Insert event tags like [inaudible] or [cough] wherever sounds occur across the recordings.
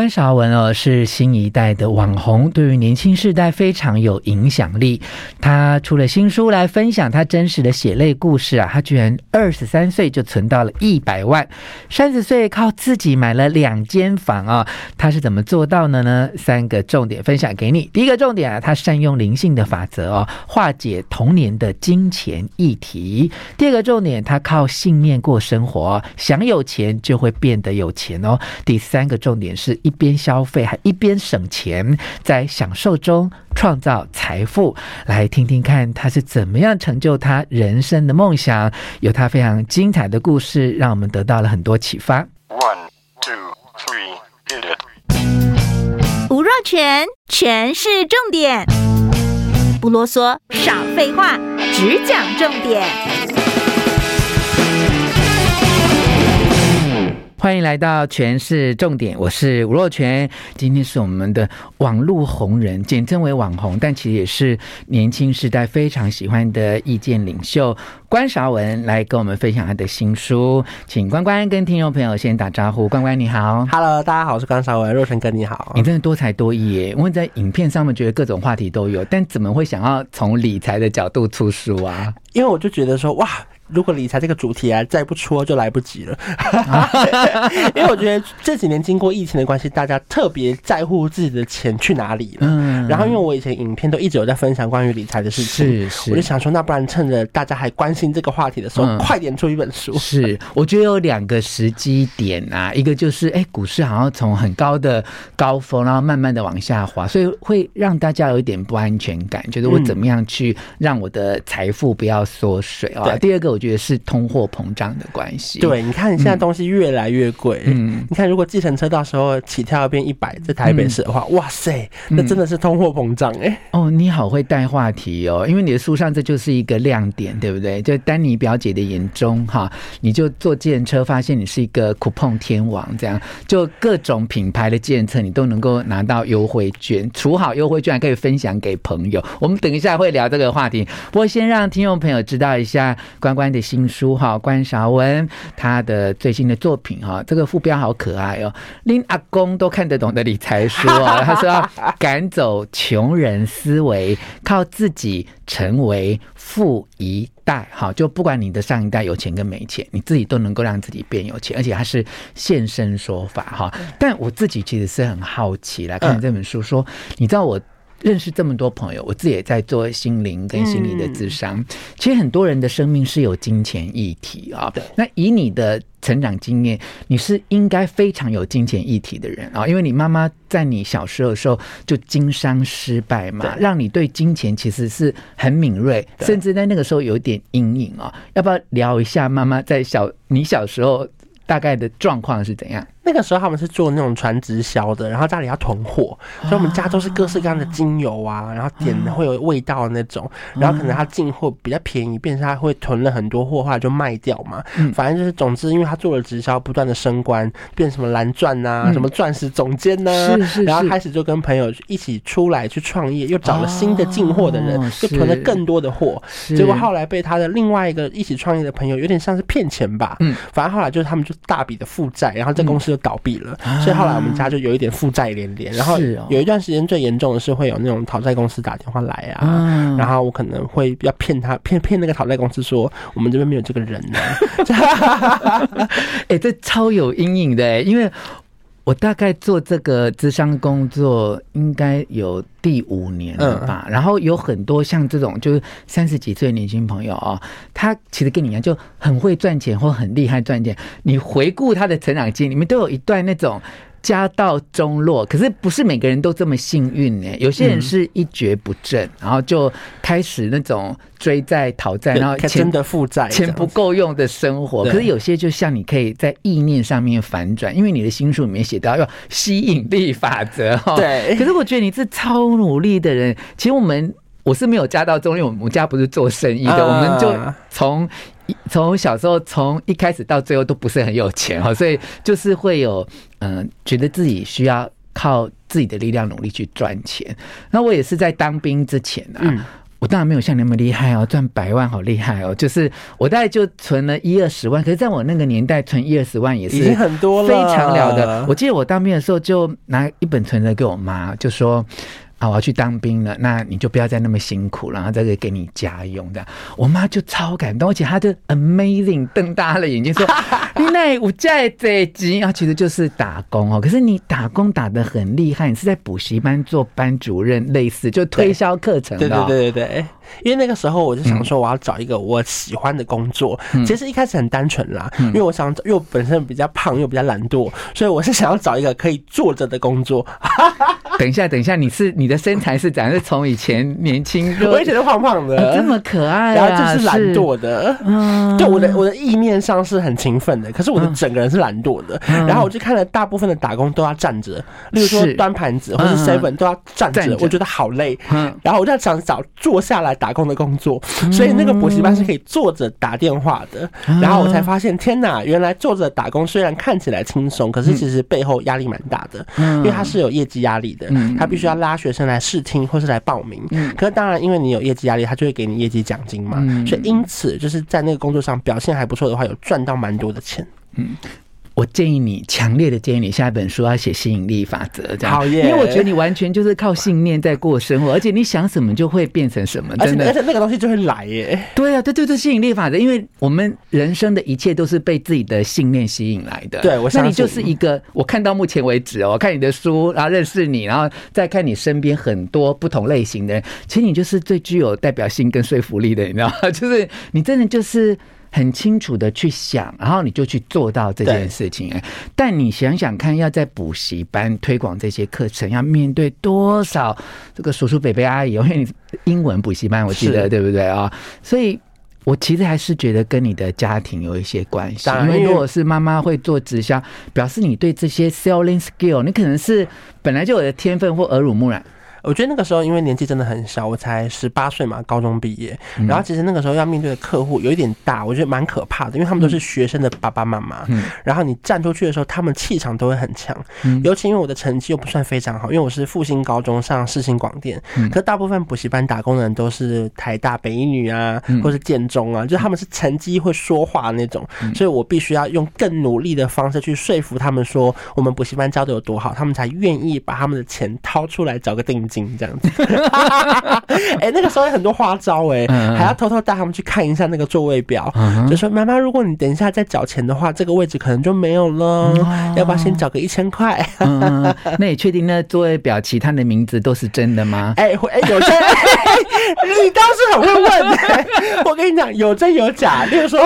關韶文哦，是新一代的網紅，對於年輕世代非常有影響力。他出了新書來分享他真實的血淚故事啊！他居然二十三歲就存到了一百萬，三十歲靠自己買了兩間房啊、哦！他是怎麼做到的呢？三個重點分享給你。第一個重點啊，他善用靈性的法則哦，化解童年的金錢議題。第二個重點，他靠信念過生活，想有錢就會變得有錢哦。第三個重點是。一邊消費還一邊省錢，在享受中創造財富。來聽聽看他是怎麼樣成就他人生的夢想，有他非常精彩的故事，讓我們得到了很多啟發。One, two, three, 吳若權，全是重點，不囉嗦，少廢話，只講重點。歡迎來到全是重點，我是吳若權。今天是我們的網路紅人，簡稱為網紅，但其實也是年輕時代非常喜歡的意見領袖關韶文，來跟我們分享他的新書。請關關跟聽眾朋友先打招呼。關關你好，Hello，大家好，我是關韶文，若權哥你好。你真的多才多藝耶！我在影片上面覺得各種話題都有，但怎麼會想要從理財的角度出書啊？因為我就覺得說，哇。如果理財這個主題啊，再不出就來不及了， [laughs] 因為我覺得這幾年經過疫情的關係，大家特別在乎自己的錢去哪裡了。然後，因為我以前影片，都一直有在分享關於理財的事情，是是，我就想說，那不然趁着大家還關心這個話題的時候，嗯、快點出一本書。是，我覺得有兩個時機點啊，一個就是，哎，股市好像從很高的高峰，然後慢慢的往下滑，所以會讓大家有一點不安全感，覺得我怎麼樣去讓我的財富不要縮水哦、啊。對，嗯、第二個我覺得是通貨膨脹的關係。對，嗯、對，你看現在東西越來越貴，嗯、你看如果計程車到時候起跳要變一百，在台北市的話，嗯、哇塞，那真的是通。貨膨脹哎哦，你好會帶話題哦，因為你的書上這就是一個亮點，對不對？就丹尼表姐的眼中哈，你就坐鑑車，發現你是一個 coupon 天王，這樣，就各種品牌的鑑車，你都能夠拿到優惠券，儲好優惠券還可以分享給朋友。我們等一下會聊這個話題，不過先讓聽眾朋友知道一下關關的新書哈，關韶文他的最新的作品哈，這個副標好可愛哦，連阿公都看得懂的理財書啊，他說要趕走，窮人思維靠自己成為富一代，哈，就不管你的上一代有錢跟沒錢，你自己都能夠讓自己變有錢，而且還是現身說法，哈。但我自己其實是很好奇來看這本書說，說你知道我。認識這麼多朋友，我自己也在做心靈跟心理的諮商。嗯、其實很多人的生命是有金錢議題啊、哦。對那以你的成長經驗，你是應該非常有金錢議題的人啊、哦，因為你媽媽在你小時候的時候就經商失敗嘛，對讓你對金錢其實是很敏銳，對甚至在那個時候有點陰影啊、哦。要不要聊一下媽媽在小你小時候大概的狀況是怎樣？那個時候他們是做那種傳直銷的，然後家裡要囤貨，所以我們家都是各式各樣的精油啊，啊然後點的會有味道的那種，啊、然後可能他進貨比較便宜，變成他會囤了很多貨，後來就賣掉嘛。嗯、反正就是總之，因為他做了直銷，不斷的升官，變什麼藍鑽吶，嗯、什麼鑽石總監吶、啊，是是是，然後開始就跟朋友一起出來去創業，又找了新的進貨的人，啊、就囤了更多的貨，結果是後，後來被他的另外一個一起創業的朋友有點像是騙錢吧。嗯，反正後來就是他們就大筆的負債，然後這公司。倒閉了，所以後來我們家就有一點負債連連，然後有一段時間最嚴重的是會有那種討債公司打電話來啊，然後我可能會要騙他騙騙那個討債公司說我們這邊沒有這個人呢，哎，這超有陰影的欸，因為。我大概做這個諮商工作應該有第五年了吧，嗯、然後有很多像這種就是三十幾歲的年輕朋友啊、哦，他其實跟你一樣，就很會賺錢或很厲害賺錢。你回顧他的成長經歷，裡面都有一段那種。家道中落，可是不是每個人都這麼幸運呢、欸？有些人是一蹶不振，嗯、然後就開始那種追債、討債，然後真對的負債，錢不夠用的生活。可是有些就像你可以在意念上面反轉，對因為你的新書裡面寫到要吸引力法則、哦、對。可是我覺得你是超努力的人，其實我們我是沒有家道中落，因為我們家不是做生意的，啊、我們就從。從小時候，從一開始到最後都不是很有錢哈，所以就是會有嗯、呃，覺得自己需要靠自己的力量努力去賺錢。那我也是在當兵之前啊，嗯、我當然沒有像你那麼厲害哦，賺百萬好厲害哦，就是我大概就存了一二十萬，可是在我那個年代存一二十萬也是已經很多了，非常了得。我記得我當兵的時候就拿一本存折給我媽，就說。啊，我要去當兵了，那你就不要再那麼辛苦了，然後再給你家用這樣。我媽就超感動，而且她就 amazing 瞪大了眼睛說：“因為我在這職啊，其實就是打工哦、喔。可是你打工打得很厲害，你是在補習班做班主任，類似就推銷課程、喔。對對對對對，因為那個時候我就想說，我要找一個我喜歡的工作。嗯、其實一開始很單純啦，嗯、因為我想，因為我本身比較胖又比較懶惰，所以我是想要找一個可以坐着的工作。 [laughs] ”等一下，等一下，你是你的身材是怎樣？是從以前年輕，我也覺得胖胖的，這麼可愛，然後就是懶惰的。嗯，對，我的我的意念上是很勤奮的，可是我的整個人是懶惰的。然後我就看了大部分的打工都要站着，例如說端盤子或者是 seven 都要站着，我覺得好累。嗯，然後我就在想找坐下來打工的工作，所以那個補習班是可以坐着打電話的。然後我才發現，天哪，原來坐着打工雖然看起來輕鬆，可是其實背後壓力蠻大的，因為它是有業績壓力的。他必須要拉學生來試聽或是來報名，可是當然，因為你有業績壓力，他就會給你業績獎金嘛。所以因此，就是在那個工作上表現還不錯的話，有賺到蠻多的錢。嗯。我建議你，強烈的建議你，下一本書要寫吸引力法則，這樣。好，因為我覺得你完全就是靠信念在過生活，而且你想什麼就會變成什麼，真的，那個東西就會來耶。對啊，對對對，吸引力法則，因為我們人生的一切都是被自己的信念吸引來的。對，我相信。那你就是一個，我看到目前為止，我看你的書，然後認識你，然後再看你身邊很多不同類型的人，其實你就是最具有代表性跟說服力的，你知道嗎？就是你真的就是。很清楚的去想，然後你就去做到這件事情，欸。對但你想想看，要在補習班推廣這些課程，要面對多少這個叔叔、伯伯、阿姨，因為你英文補習班，我記得是對不對啊，哦？所以，我其實還是覺得跟你的家庭有一些關係。因為，因為如果是媽媽會做直銷，表示你對這些 selling skill，你可能是本來就有的天分或耳濡目染。我覺得那個時候，因為年紀真的很小，我才十八歲嘛，高中畢業。然後其實那個時候要面對的客戶有一點大，我覺得蠻可怕的，因為他們都是學生的爸爸媽媽。然後你站出去的時候，他們氣場都會很強。尤其因為我的成績又不算非常好，因為我是復興高中上世新廣電，可大部分補習班打工的人都是台大、北女啊，或是建中啊，就是他們是成績會說話的那種，所以我必須要用更努力的方式去說服他們，說我們補習班教的有多好，他們才願意把他們的錢掏出來找個定金。這樣子，哎，那個時候有很多花招，哎，還要偷偷帶他們去看一下那個座位表，就說媽媽，如果你等一下再繳錢的話，這個位置可能就沒有了，要不要先繳個一千塊、 [laughs] [laughs] 嗯嗯？那你確定那座位表其他的名字都是真的嗎？哎、 [laughs] 欸，哎、欸，有錢。 [laughs] [laughs] 你，你倒是很會問，我跟你講，有真有假。例如說，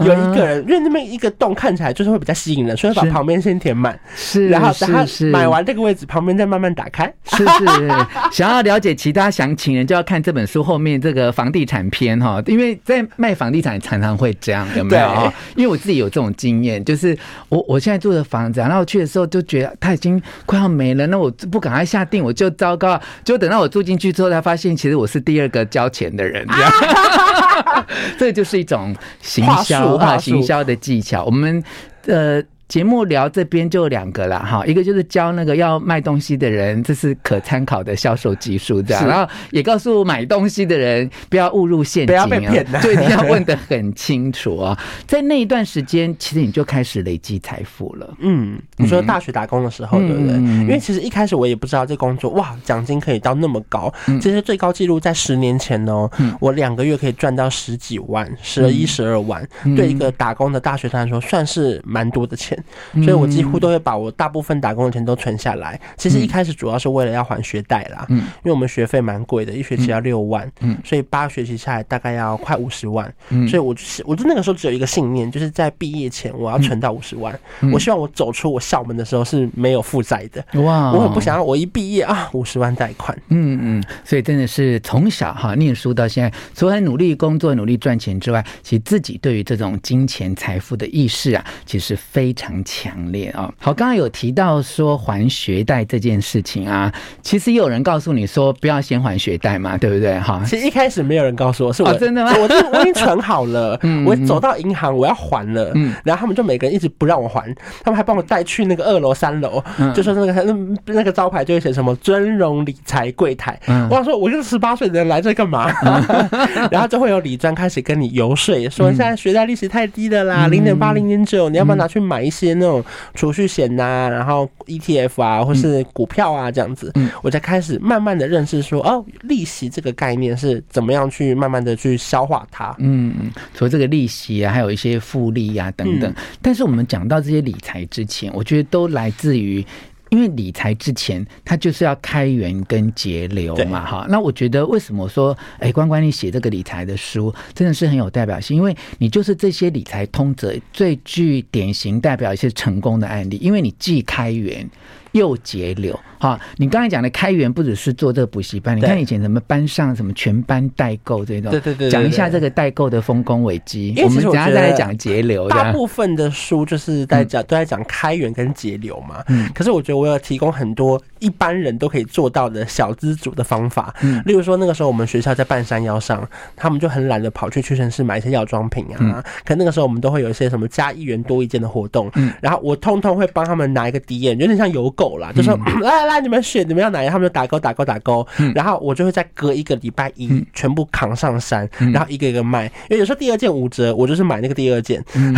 有一個人、嗯、因為那邊一個洞看起來就是會比較吸引人，所以把旁邊先填滿，是，然後是，是。等他買完這個位置，是是是旁邊再慢慢打開是是。是是，想要了解其他詳情，人就要看這本書後面這個房地產篇哈，因為在賣房地產常常會這樣，有沒有？因為我自己有這種經驗，就是我我現在住的房子、啊，然後去的時候就覺得他已經快要沒了，那我不趕快下定我就糟糕，就等到我住進去之後才發現，其實我。是第二個交錢的人，啊、 [laughs] 這就是一種行銷啊，行銷的技巧。我們呃。節目聊這邊就兩個了哈，一個就是教那個要賣東西的人，這是可參考的銷售技術這樣，樣是然後也告訴買東西的人不要誤入陷阱，哦，不要被騙，對，你要問的很清楚啊，哦。 [laughs] 在那一段時間，其實你就開始累積財富了。嗯，你說大學打工的時候，嗯，對不對？嗯，因為其實一開始我也不知道這工作，哇，獎金可以到那麼高，嗯，其實最高紀錄在十年前哦，嗯，我兩個月可以賺到十幾萬，十一十二萬，嗯，對一個打工的大學生來說，算是蠻多的錢。所以我幾乎都會把我大部分打工的錢都存下來。其實一開始主要是為了要還學貸啦，嗯，因為我們學費蠻貴的，一學期要六萬，嗯，所以八學期下來大概要快五十萬。嗯，所以我就是，我就那個時候只有一個信念，就是在畢業前我要存到五十萬。嗯、我希望我走出我校門的時候是沒有負債的。哇，我很不想要我一畢業啊五十萬貸款。嗯嗯，所以真的是從小哈念書到現在，除了努力工作、努力賺錢之外，其實自己對於這種金錢財富的意識啊，其實非常。很強烈啊、哦！好，剛剛有提到說還學貸這件事情啊，其實也有人告訴你說不要先還學貸嘛，對不對？哈，其實一開始沒有人告訴我是我、哦、真的嗎， [laughs] 我都我已經存好了，嗯、我走到銀行我要還了，嗯，然後他們就每個人一直不讓我還，他們還幫我帶去那個二樓三樓，嗯、就說那個那個招牌就會寫什麼尊榮理財櫃台，嗯、我想說我就是十八歲的人來這幹嘛？ [laughs] 然後就會有理專開始跟你游說，說現在學貸利息太低的啦，零點八零點九，你要不要拿去買一些？些那種儲蓄險吶、啊，然後 ETF 啊，或是股票啊這樣子，嗯嗯、我才開始慢慢的認識說哦，利息這個概念是怎麼樣去慢慢的去消化它。嗯嗯，除了這個利息啊，還有一些複利啊等等。嗯、但是我們講到這些理財之前，我覺得都來自於。因為理財之前，他就是要開源跟節流嘛，哈對。那我覺得為什麼說，哎，關關你寫這個理財的書，真的是很有代表性，因為你就是這些理財通則最具典型代表一些成功的案例，因為你既開源又節流。好，你剛才講的開源不只是做這個補習班，你看以前什麼班上什麼全班代購這種，對對，對對對，講一下這個代購的豐功偉績。因為其實我們等下再來講節流，大部分的書就是在講、嗯、都在講開源跟節流嘛。嗯。可是我覺得，我有提供很多一般人都可以做到的小資組的方法。嗯。例如說，那個時候我們學校在半山腰上，嗯、他們就很懶得跑去屈臣氏買一些藥妝品啊。嗯、可那個時候我們都會有一些什麼加一元多一件的活動，嗯。然後我通通會幫他們拿一個 DM，有點像郵購啦，就說、嗯那你們選你們要哪樣，他們就打勾打勾打勾。嗯、然後我就會在隔一個禮拜一、嗯、全部扛上山，嗯、然後一個一個賣。因為有時候第二件五折，我就是買那個第二件。嗯、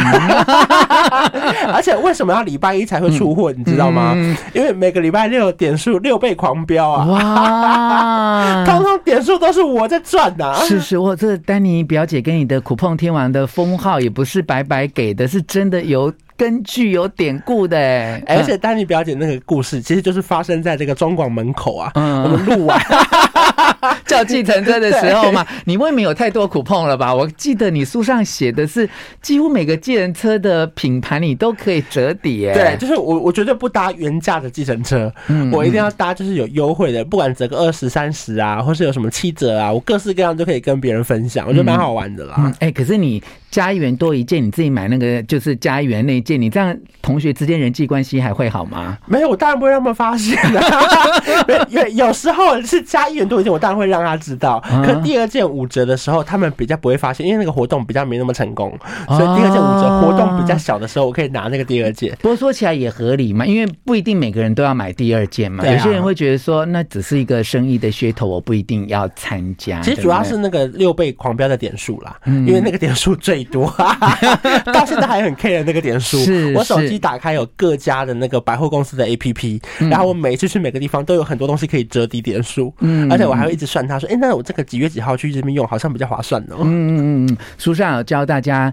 [laughs] 而且為什麼要禮拜一才會出貨，嗯、你知道嗎？嗯、因為每個禮拜六點數六倍狂飆啊！哇， [laughs] 通通點數都是我在賺的、啊。是是，我這丹尼表姐跟你的酷碰天王的封號也不是白白給的，是真的有。根據有典故的、欸，哎，而且丹尼表姐那個故事，嗯、其實就是發生在這個中廣門口啊。嗯、我們錄完 [laughs] [laughs] 叫計程車的時候嘛，對你未免有太多苦碰了吧？我記得你書上寫的是，幾乎每個計程車的品牌你都可以折抵、欸、對，就是我，我絕對不搭原價的計程車，嗯嗯、我一定要搭就是有優惠的，不管折個二十三十啊，或是有什麼七折啊，我各式各樣都可以跟別人分享，我覺得蠻好玩的啦。哎、嗯嗯欸，可是你。加一元多一件，你自己買那個就是加一元那一件，你這樣同學之間人際關係還會好嗎？沒有，我當然不會讓他們發現、啊。為 [laughs] 有，有時候是加一元多一件，我當然會讓他知道。嗯、可第二件五折的時候，他們比較不會發現，因為那個活動比較沒那麼成功，所以第二件五折活動比較小的時候，我可以拿那個第二件。不過、哦、說起來也合理嘛，因為不一定每個人都要買第二件嘛。啊、有些人會覺得說，那只是一個生意的噱頭，我不一定要參加。其實主要是那個六倍狂飆的點數啦，嗯、因為那個點數最，多， [laughs] 到現在還很 care 的那個點數，我手機打開有各家的那個百貨公司的 APP，然後我每次去每個地方都有很多東西可以折抵點數，嗯，而且我還會一直算他說，哎，那我這個幾月幾號去這邊用，好像比較划算呢。嗯嗯嗯，書上有教大家。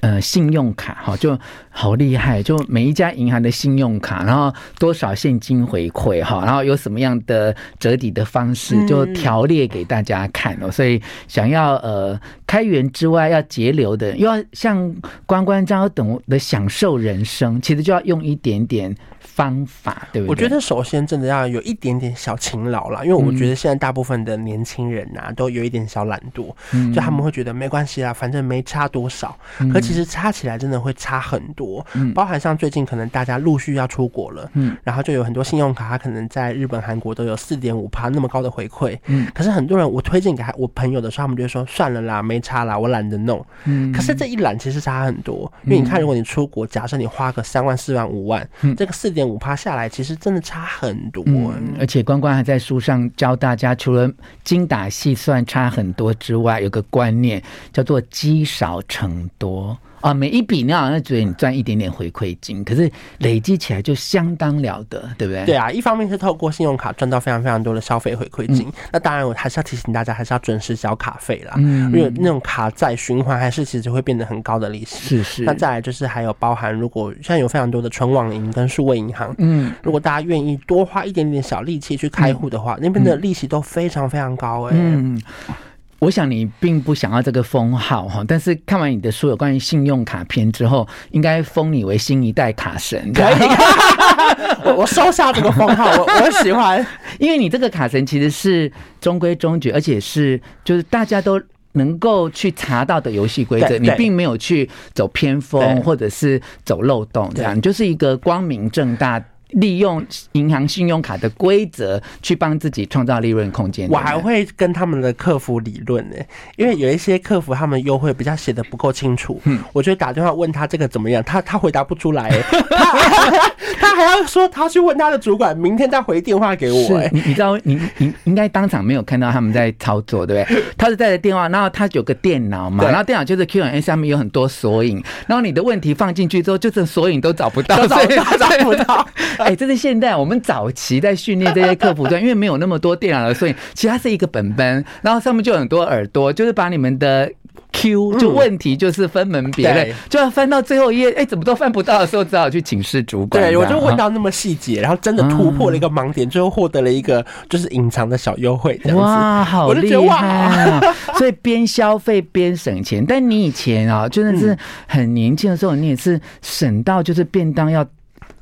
呃，信用卡哈、哦、就好厲害，就每一家銀行的信用卡，然後多少現金回饋哈、哦，然後有什麼樣的折抵的方式，就條列給大家看哦。嗯、所以想要呃開源之外要節流的，又要像關關這樣懂得享受人生，其實就要用一點點方法，對不對？我覺得首先真的要有一點點小勤勞啦，因為我覺得現在大部分的年輕人吶、啊，嗯、都有一點小懶惰，就他們會覺得沒關係啊，反正沒差多少，嗯，而且其實差起來真的會差很多，包含像最近可能大家陸續要出國了，嗯，然後就有很多信用卡，它可能在日本、韓國都有四點五趴那麼高的回饋，嗯，可是很多人我推薦給我朋友的時候，他們就會說算了啦，沒差啦，我懶得弄，嗯，可是這一懶其實差很多，因為你看如果你出國，假設你花個三萬、四萬、嗯、五萬，這個四點五趴下來，其實真的差很多，欸，嗯，而且關關還在書上教大家，除了精打細算差很多之外，有個觀念叫做積少成多。啊，哦、每一筆你好像覺得你賺一點點回饋金，可是累積起來就相當了得，對不對？對啊，一方面是透過信用卡賺到非常非常多的消費回饋金，嗯、那當然我還是要提醒大家，還是要準時交卡費啦，嗯、因為那種卡債循環還是其實會變得很高的利息。是是。那再來就是還有包含，如果現在有非常多的純網銀跟數位銀行，嗯，如果大家願意多花一點點小力氣去開戶的話，嗯、那邊的利息都非常非常高誒、欸。嗯嗯我想你並不想要這個封號哈，但是看完你的書有關於信用卡片之後，應該封你為新一代卡神。 [laughs] [laughs] 我我收下這個封號， [laughs] 我我喜歡， [laughs] 因為你這個卡神其實是中規中矩，而且是就是大家都能夠去查到的遊戲規則，對對對，你並沒有去走偏鋒或者是走漏洞對對對，這樣，你就是一個光明正大。利用銀行信用卡的規則去幫自己創造利潤空間。我還會跟他們的客服理論呢、欸，因為有一些客服他們優惠比較寫得不夠清楚。嗯，我就打電話問他這個怎麼樣，他他回答不出來、欸， [laughs] 他還要說他去問他的主管，明天再回電話給我、欸。是你你知道你，你應應該當場沒有看到他們在操作對不對？他是帶着電話，然後他有個電腦嘛，對然後電腦就是 Q&A 下面有很多索引，然後你的問題放進去之後，就是索引都找不到，找，到以找不到，找不到。哎、欸，這是現在。我們早期在訓練這些客服端，因為沒有那麼多電腦的，所以其實它是一個本本，然後上面就有很多耳朵，就是把你們的 Q 就問題就是分門別類。嗯、就要翻到最後一頁，哎、欸，怎麼都翻不到的時候，只好去請示主管。對，我就問到那麼細節，啊、然後真的突破了一個盲點，最後獲得了一個就是隱藏的小優惠。哇，好厲害啊！所以邊消費邊省錢。 [laughs] 但你以前啊、哦，真的是很年輕的時候，你也是省到就是便當要。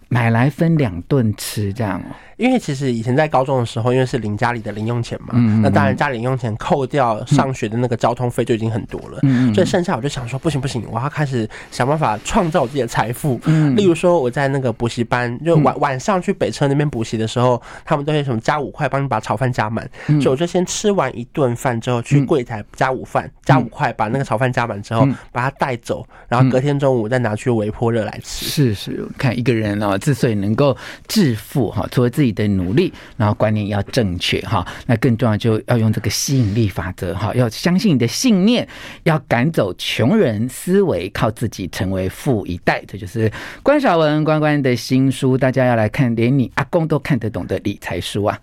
買來分兩頓吃，這樣。因為其實以前在高中的時候，因為是領家裡的零用錢嘛，那當然家裡零用錢扣掉上學的那個交通費就已經很多了，所以剩下我就想說，不行不行，我要開始想辦法創造我自己的財富。例如說，我在那個補習班，就晚晚上去北車那邊補習的時候，他們都會什麼加五塊，幫你把炒飯加滿，所以我就先吃完一頓飯之後，去櫃台加五飯，加五塊，把那個炒飯加滿之後，把它帶走，然後隔天中午再拿去微波熱來吃。是是，看一個人哦，之所以能夠致富哈，作為自己的努力，然後觀念要正確哈，那更重要就要用這個吸引力法則哈，要相信你的信念，要趕走窮人思維，靠自己成為富一代，這就是關韶文關關的新書，大家要來看，連你阿公都看得懂的理財書啊。